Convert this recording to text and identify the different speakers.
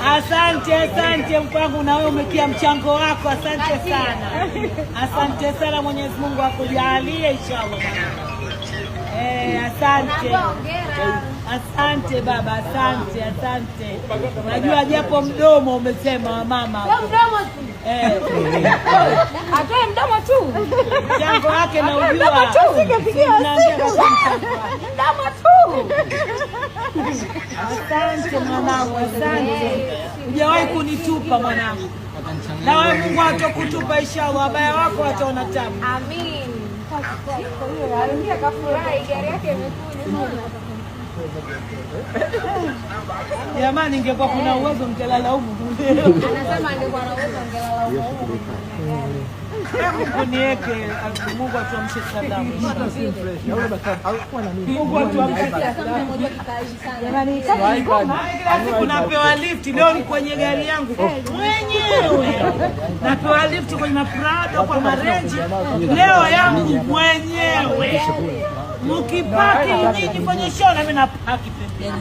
Speaker 1: Asante, asante mpango, na wewe umetia mchango wako. Asante sana, asante sana. Mwenyezi Mungu akujalie inshallah. Eh, asante, asante baba, asante, asante. Najua japo mdomo umesema mama eh.
Speaker 2: atoe mdomo tu
Speaker 1: mchango wake, na ujua mdomo tu Asante mwanangu, asante. Hujawahi kunitupa mwanangu, na wewe Mungu atakutupa inshallah. Wabaya wako wataona tabu.
Speaker 2: Amin.
Speaker 1: Jamani, ingekuwa kuna uwezo mngelala huko. Anasema Mungu niweke, Mungu atuamshe Sadamu. Mungu atuamshe Sadamu. Napewa lift leo, ni kwenye gari yangu mwenyewe, napewa lift kwenye maprado kwa marenji leo yangu mwenyewe Paki, na pembeni.